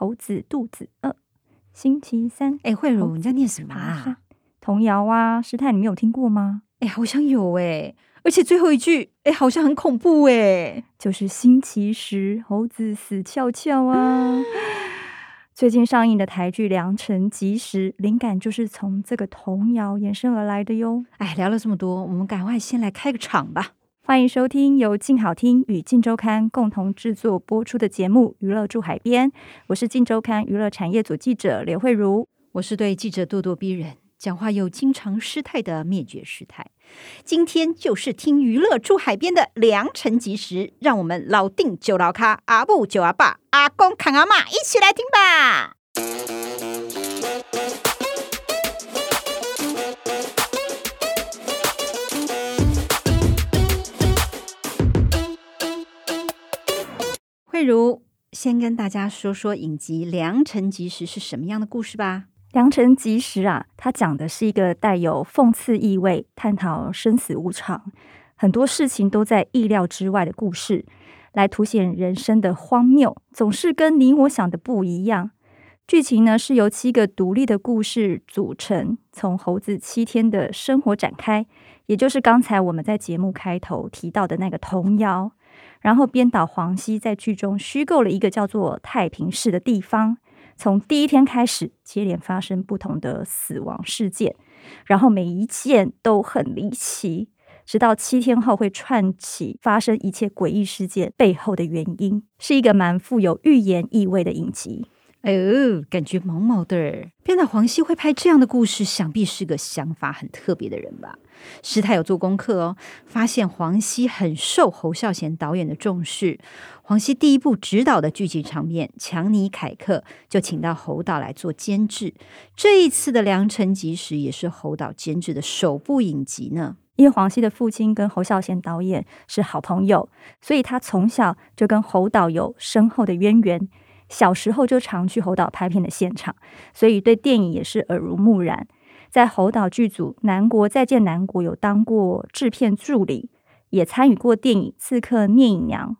猴子肚子餓，星期三。哎、欸，慧茹，你在念什麼啊？童謠啊，師太，你沒有聽過嗎？哎、欸，好像有哎、欸，而且最後一句，哎、欸，好像很恐怖哎、欸，就是星期十，猴子死翹翹啊。 最近上映的台劇《良辰吉時》，靈感就是從這個童謠延伸而來的喲。哎，聊了這麼多，我們趕快先來開個場吧。歡迎收聽由鏡好聽與鏡週刊共同製作播出的節目《娛樂駐海邊》，我是鏡週刊娛樂產業組記者劉慧茹。我是對記者咄咄逼人、講話又經常失態的滅絕師太。今天就是聽《娛樂駐海邊》的良辰吉時，讓我們老定揪老咖、阿母揪阿爸、阿公看阿媽一起來聽吧！例如，先跟大家說說影集《良辰吉時》是什麼樣的故事吧。《良辰吉時》啊，它講的是一個帶有諷刺意味、探討生死無常、很多事情都在意料之外的故事，來凸顯人生的荒謬，總是跟你我想的不一樣。劇情呢是由七個獨立的故事組成，從猴子七天的生活展開，也就是剛才我們在節目開頭提到的那個童謠。然後，編導黃熙在劇中虛構了一個叫做太平市的地方。從第一天開始，接連發生不同的死亡事件，然後每一件都很離奇。直到七天後，會串起發生一切詭異事件背後的原因，是一個蠻富有預言意味的影集。哎呦，感覺毛毛的。編導黃熙會拍這樣的故事，想必是個想法很特別的人吧？師太有做功課哦，發現黃熙很受侯孝賢導演的重視。黃熙第一部執導的劇集場面《強尼凱克》，就請到侯導來做監製。這一次的《良辰吉時》也是侯導監製的首部影集呢。因為黃熙的父親跟侯孝賢導演是好朋友，所以他從小就跟侯導有深厚的淵源。小時候就常去侯導拍片的現場，所以對電影也是耳濡目染。在侯導劇組，《南國再見南國》有當過製片助理，也參與過電影《刺客聶隱娘》。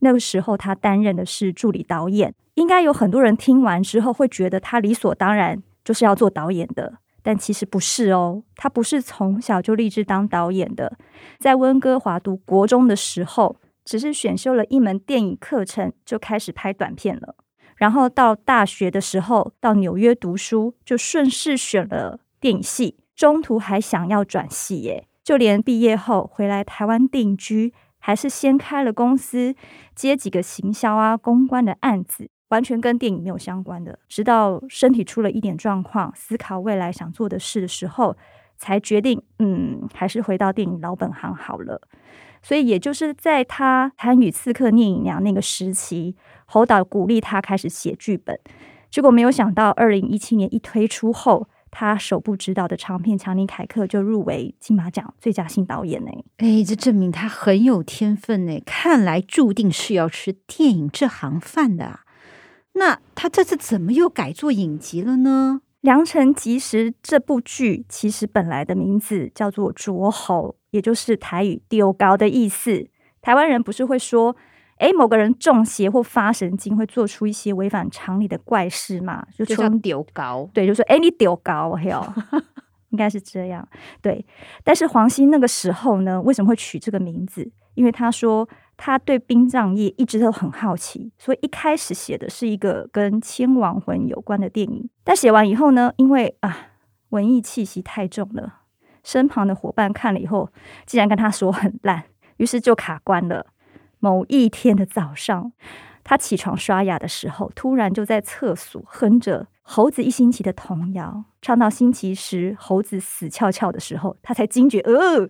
那個時候，他擔任的是助理導演。應該有很多人聽完之後會覺得他理所當然就是要做導演的，但其實不是哦。他不是從小就立志當導演的。在溫哥華讀國中的時候，只是選修了一門電影課程，就開始拍短片了。然後到大學的時候，到紐約讀書，就順勢選了電影系。中途還想要轉系耶，就連畢業後回來台灣定居，還是先開了公司，接幾個行銷啊、公關的案子，完全跟電影沒有相關的。直到身體出了一點狀況，思考未來想做的事的時候，才決定，嗯，還是回到電影老本行好了。所以也就是在他參與《刺客聶隱娘》那個時期，侯導鼓勵他開始寫劇本，結果沒有想到，二零一七年一推出後，他首部執導的長片《強尼凱克》就入圍金馬獎最佳新導演呢、欸。哎，這證明他很有天分，看來注定是要吃電影這行飯的啊。那他這次怎麼又改做影集了呢？《良辰吉時》這部劇其實本來的名字叫做《卓侯》。也就是台語“丟高”的意思。臺灣人不是會說：“哎、欸，某個人中邪或發神經，會做出一些違反常理的怪事嘛？”就說“丟高”，對，就說“哎、欸，你丟高嘿哦。 應該是這樣。對，但是黃興那個時候呢，為什麼會取這個名字？因為他說他對殯葬業一直都很好奇，所以一開始寫的是一個跟牽亡魂有關的電影。但寫完以後呢，因為啊，文藝氣息太重了。身旁的夥伴看了以後，竟然跟他說很爛，於是就卡關了。某一天的早上，他起床刷牙的時候，突然就在廁所哼着《猴子一星期》的童謠，唱到星期十，猴子死翹翹的時候，他才驚覺，呃，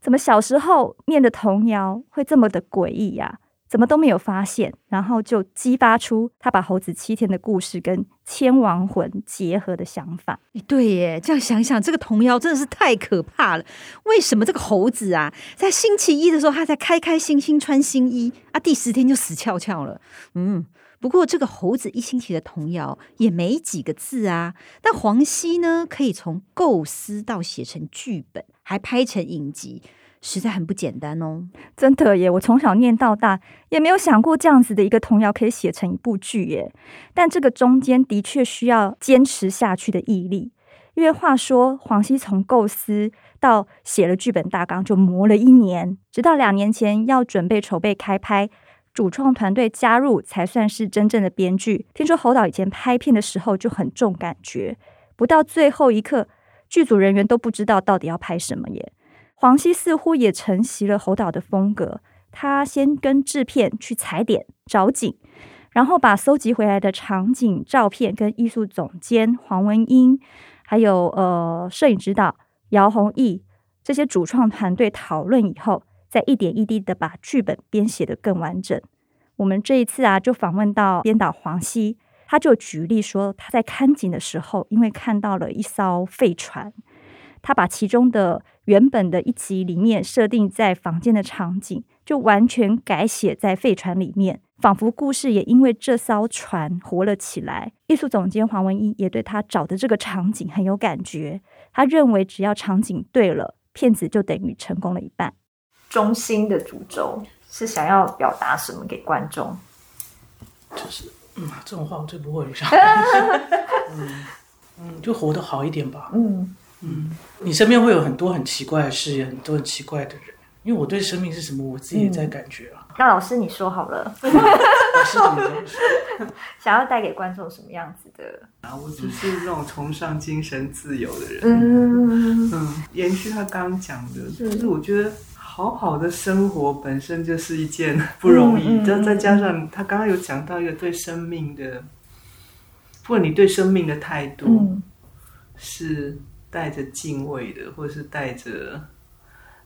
怎麼小時候念的童謠會這麼的詭異呀？怎麼都沒有發現，然後就激發出他把猴子七天的故事跟牽亡魂結合的想法。對耶，這樣想想，這個童謠真的是太可怕了。為什麼這個猴子啊，在星期一的時候，他才開開心心穿新衣啊，第十天就死翹翹了？嗯，不過這個猴子一星期的童謠也沒幾個字啊。但黃熙呢，可以從構思到寫成劇本，還拍成影集。實在很不簡單哦，真的耶！我從小念到大，也沒有想過這樣子的一個童謠可以寫成一部劇耶。但這個中間的確需要堅持下去的毅力，因為話說黃熙從構思到寫了劇本大綱，就磨了一年，直到兩年前要準備籌備開拍，主創團隊加入才算是真正的編劇。聽說侯導以前拍片的時候就很重感覺，不到最後一刻，劇組人員都不知道到底要拍什麼耶。黃熙似乎也承襲了侯導的風格，他先跟製片去踩點找景，然後把蒐集回來的場景照片跟藝術總監黃文英，還有呃攝影指導姚宏易這些主創團隊討論以後，再一點一滴地把劇本編寫得更完整。我們這一次啊，就訪問到編導黃熙，他就舉例說他在看景的時候，因為看到了一艘廢船。他把其中的原本的一集裡面設定在房間的場景，就完全改寫在廢船裡面，仿佛故事也因為這艘船活了起來。藝術總監黃文英也對他找的這個場景很有感覺，他認為只要場景對了，片子就等於成功了一半。中心的主軸是想要表達什麼給觀眾？就是，嗯，這種話我最不會講。嗯，就活得好一點吧。嗯。嗯，你身邊會有很多很奇怪的事，很多很奇怪的人，因為我對生命是什麼，我自己也在感覺啊。嗯、那老師，你說好了， 嗯、老師怎麼？想要帶給觀眾什麼樣子的？啊、嗯，我只是那種崇尚精神自由的人。嗯嗯。延續他剛，剛講的，就是，是我覺得好好的生活本身就是一件不容易，再、嗯嗯、再加上他剛剛有講到一個對生命的，或者你對生命的態度、嗯、是。帶着敬畏的，或者是帶着，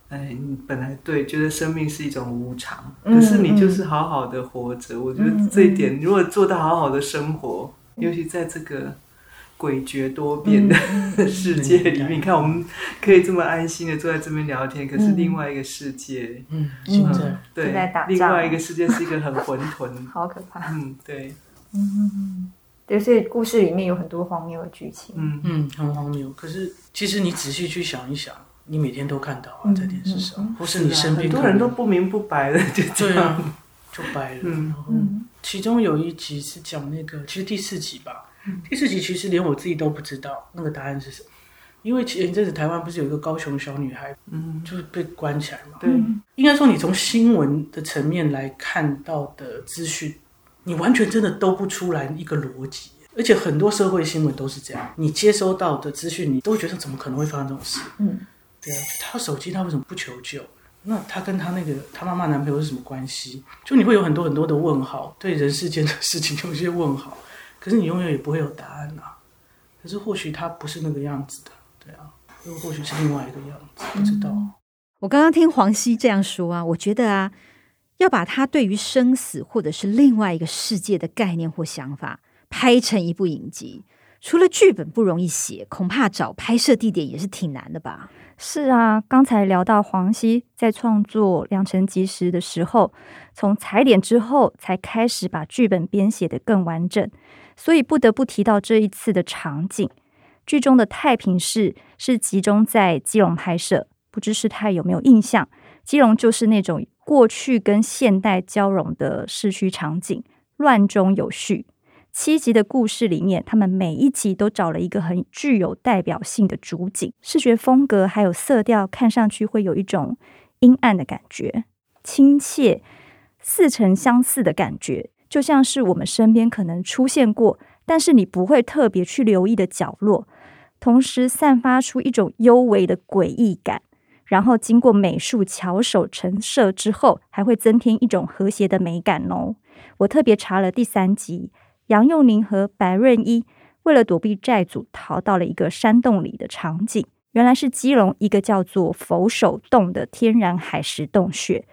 哎，你本來對覺得生命是一種無常、嗯，可是你就是好好的活着。嗯、我覺得這一點、嗯，如果做到好好的生活，嗯、尤其在這個詭譎多變的、嗯、世界裡面，你看我們可以這麼安心的坐在這邊聊天、嗯，可是另外一個世界，嗯，現、嗯嗯、在對，另外一個世界是一個很混沌， 好可怕，嗯，對，嗯就是故事裡面有很多荒謬的劇情，嗯嗯，很荒謬。可是其實你仔細去想一想，你每天都看到啊，在電視上，嗯嗯、或是你身邊、啊，很多人都不明不白的就這樣對啊，就掰了。嗯，嗯，然後其中有一集是講那個，其實第四集吧、嗯，第四集其實連我自己都不知道那個答案是什麼，因為前一陣子台灣不是有一個高雄小女孩，嗯，就是被關起來嘛，對、嗯。應該說，你從新聞的層面來看到的資訊。你完全真的兜不出來一個邏輯，而且很多社會新聞都是這樣。你接收到的資訊，你都覺得怎麼可能會發生這種事？嗯，對啊，他手機他為什麼不求救？那他跟他那個他媽媽男朋友是什麼關係？就你會有很多很多的問號，對人世間的事情有一些問號，可是你永遠也不會有答案吶啊。可是或許他不是那個樣子的，對啊，又或許是另外一個樣子，嗯，不知道。我剛剛聽黃西這樣說啊，我覺得啊。要把他對於生死或者是另外一個世界的概念或想法拍成一部影集，除了劇本不容易寫，恐怕找拍攝地點也是挺難的吧？是啊，剛才聊到黃熙在創作《良辰吉時》的時候，從踩點之後才開始把劇本編寫得更完整，所以不得不提到這一次的場景，劇中的太平市是集中在基隆拍攝，不知師太有沒有印象？基隆就是那種。過去跟現代交融的市區場景，亂中有序。七集的故事裡面，他們每一集都找了一個很具有代表性的主景，視覺風格還有色調看上去會有一種陰暗的感覺，親切、似曾相似的感覺，就像是我們身邊可能出現過，但是你不會特別去留意的角落，同時散發出一種幽微的詭異感。然後經過美術巧手陳設之後，還會增添一種和諧的美感哦。我特別查了第三集，楊佑寧和白潤一為了躲避債主，逃到了一個山洞裡的場景。原來是基隆一個叫做佛手洞的天然海蝕洞穴。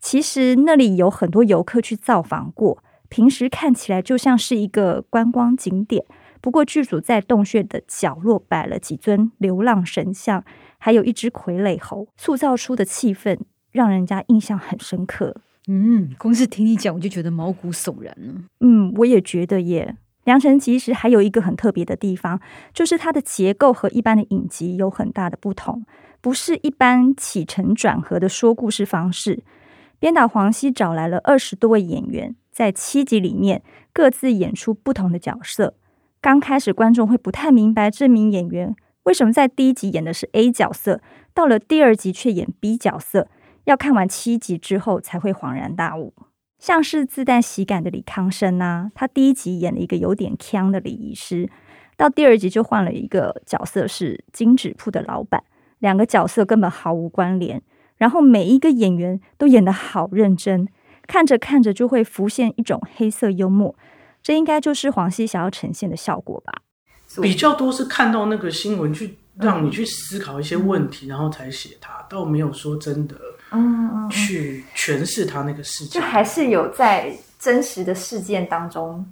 其實那裡有很多遊客去造訪過，平時看起來就像是一個觀光景點。不過，劇組在洞穴的角落擺了幾尊流浪神像，還有一隻傀儡猴，塑造出的氣氛讓人家印象很深刻。嗯，光是聽你講，我就覺得毛骨悚然。嗯，我也覺得耶。良辰其實還有一個很特別的地方，就是它的結構和一般的影集有很大的不同，不是一般起承轉合的說故事方式。編導黃西找來了二十多位演員，在七集裡面各自演出不同的角色。剛開始觀眾會不太明白這名演員為什麼在第一集演的是 A 角色，到了第二集卻演 B 角色，要看完七集之後才會恍然大悟。像是自帶喜感的李康生啊，他第一集演了一個有點腔的禮儀師，到第二集就換了一個角色是金紙鋪的老板，兩個角色根本毫無關聯。然後每一個演員都演得好認真，看着看着就會浮現一種黑色幽默。這應該就是黃熙想要呈現的效果吧。比較多是看到那個新聞，去讓你去思考一些問題，嗯、然後才寫它，都沒有說真的。嗯、去詮釋他那個事件，就還是有在真實的事件當中。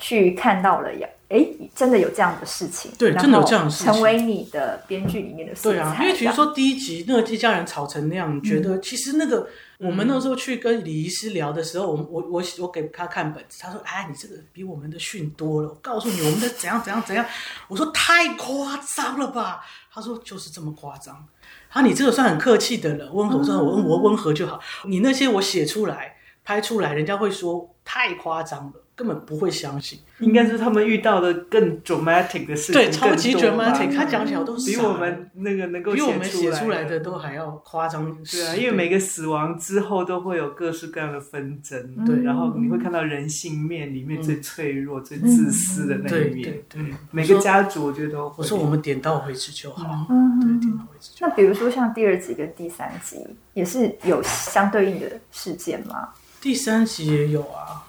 去看到了呀，哎，真的有這樣的事情。對，真的有這樣的事情。成為你的編劇裡面的事。對啊，因為比如說第一集那個一家人吵成那樣，你覺得、嗯、其實那個我們那時候去跟禮儀師聊的時候，我我我給他看本子，他說：“哎，你這個比我們的遜多了。”，我告訴你，我們的怎樣怎樣怎樣。我說：“太誇張了吧？”他說：“就是這麼誇張。”他說：“你這個算很客氣的了。”溫和麼我溫我溫和就好、嗯嗯。你那些我寫出來拍出來，人家會說太誇張了。根本不會相信，應該是他們遇到的更 dramatic 的事情。對，超級 dramatic，他講起來都是比我們那個，能夠比我們寫出來的都還要誇張。對啊，因為每個死亡之後都會有各式各樣的紛爭。對，對，然後你會看到人性面裡面最脆弱、嗯、最自私的那一面。對，對,對、嗯、每個家族我覺得，我說我們點到為止就好，嗯，對，點到為止就好、嗯。那比如說像第二集跟第三集，也是有相對應的事件嗎？第三集也有啊。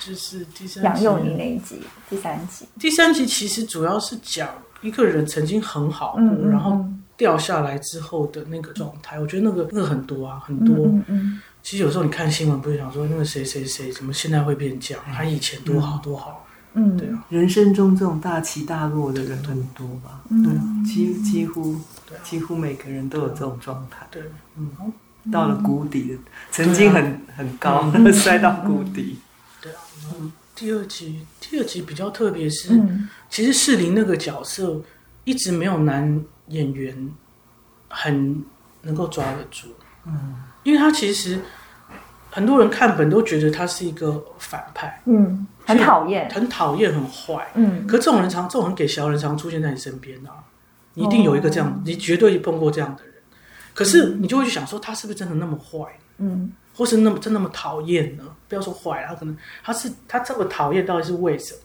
就是第三季楊祐寧那一集，第三集。第三集其實主要是講一個人曾經很好、嗯，然後掉下來之後的那個狀態、嗯。我覺得那個那個很多啊，嗯、很多、嗯嗯。其實有時候你看新聞，不是想說那個誰誰誰怎麼現在會變這樣，他、嗯、以前多好多好。嗯，對啊。人生中這種大起大落的人很多吧？對、嗯嗯，幾幾乎幾乎每個人都有這種狀態。對、對嗯嗯，嗯，到了谷底，嗯、曾經很很高、啊，摔到谷底。 對啊，然後第二集第二集比較特別是，嗯、其實世林那個角色一直沒有男演員很能夠抓得住，嗯，因為他其實很多人看本都覺得他是一個反派，嗯，很討厭，很討厭，很壞，嗯，可這種人常這種很給小人常出現在你身邊啊，你一定有一個這樣、哦，你絕對碰過這樣的人，可是你就會去想說他是不是真的那麼壞，嗯。嗯或是那麼真的那麼討厭呢？不要說壞，他可能他是他這麼討厭，到底是為什麼？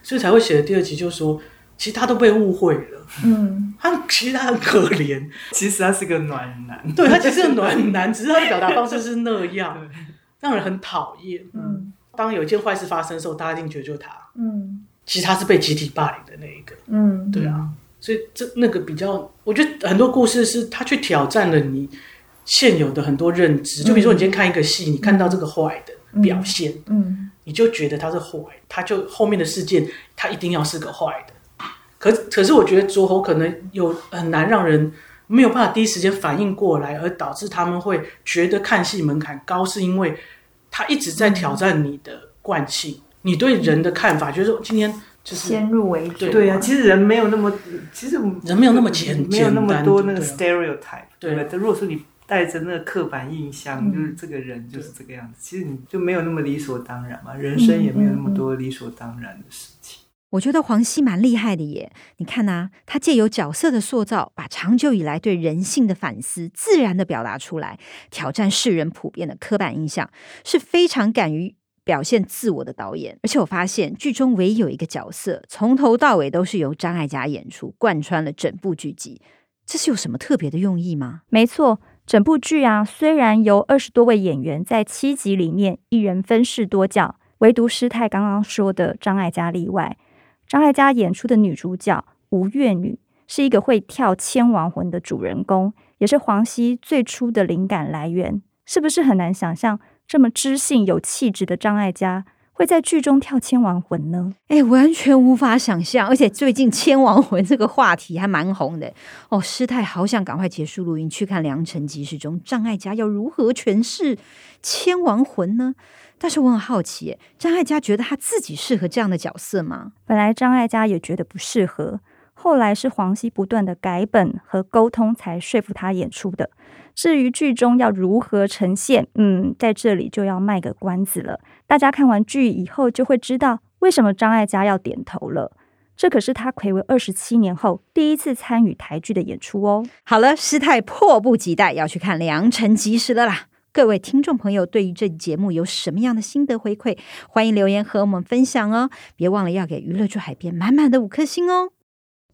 所以才會寫的第二集，就是說其實他都被誤會了。嗯，他其實他很可憐，其實他是個暖男，對，他其實是個暖男， 只是他的表達方式是那樣，讓人很討厭。嗯，當有一件壞事發生的時候，大家一定覺得就是他。嗯，其實他是被集體霸凌的那一個。嗯，對啊，所以這那個比較，我覺得很多故事是他去挑戰了你。現有的很多認知，就比如說你今天看一個戲，嗯，你看到這個壞的表現，嗯，嗯，你就覺得他是壞，他就後面的事件他一定要是個壞的。可可是我覺得左侯可能有很難讓人沒有辦法第一時間反應過來，而導致他們會覺得看戲門檻高，是因為他一直在挑戰你的慣性，嗯，你對人的看法，就是說今天就是先入為主，啊對，對啊，其實人沒有那麼，其實人沒有那麼簡，沒有那麼多那個 stereotype，對，他如果說你。帶着那刻板印象，就是這個人就是這個樣子、嗯。其實你就沒有那麼理所當然嘛，人生也沒有那麼多理所當然的事情。我覺得黃熙蠻厲害的耶，你看啊，他借由角色的塑造，把長久以來對人性的反思自然地表達出來，挑戰世人普遍的刻板印象，是非常敢於表現自我的導演。而且我發現劇中唯一有一個角色從頭到尾都是由張艾嘉演出，貫穿了整部劇集，這是有什麼特別的用意嗎？沒錯。整部劇啊，雖然由二十多位演員在七集裡面一人分飾多角，唯獨師太剛剛說的張艾嘉例外。張艾嘉演出的女主角吳月女是一個會跳牽亡魂的主人公，也是黃熙最初的靈感來源。是不是很難想象這麼知性有氣質的張艾嘉？會在劇中跳千王魂呢？哎、欸，完全無法想象。而且最近千王魂這個話題還蠻紅的哦。師太好想趕快結束錄音，去看《良辰吉時》中張艾嘉要如何詮釋千王魂呢？但是我很好奇，張艾嘉覺得他自己適合這樣的角色嗎？本來張艾嘉也覺得不適合，後來是黃熙不斷的改本和溝通，才說服他演出的。至於劇中要如何呈現，嗯，在這裡就要賣個關子了。大家看完劇以後就會知道為什麼張艾嘉要點頭了。這可是他睽違二十七年後第一次參與台劇的演出哦。好了，師太迫不及待要去看《良辰吉時》了啦。各位聽眾朋友，對於這節目有什麼樣的心得回饋，歡迎留言和我們分享哦。別忘了要給《娛樂住海邊》滿滿的五顆星哦。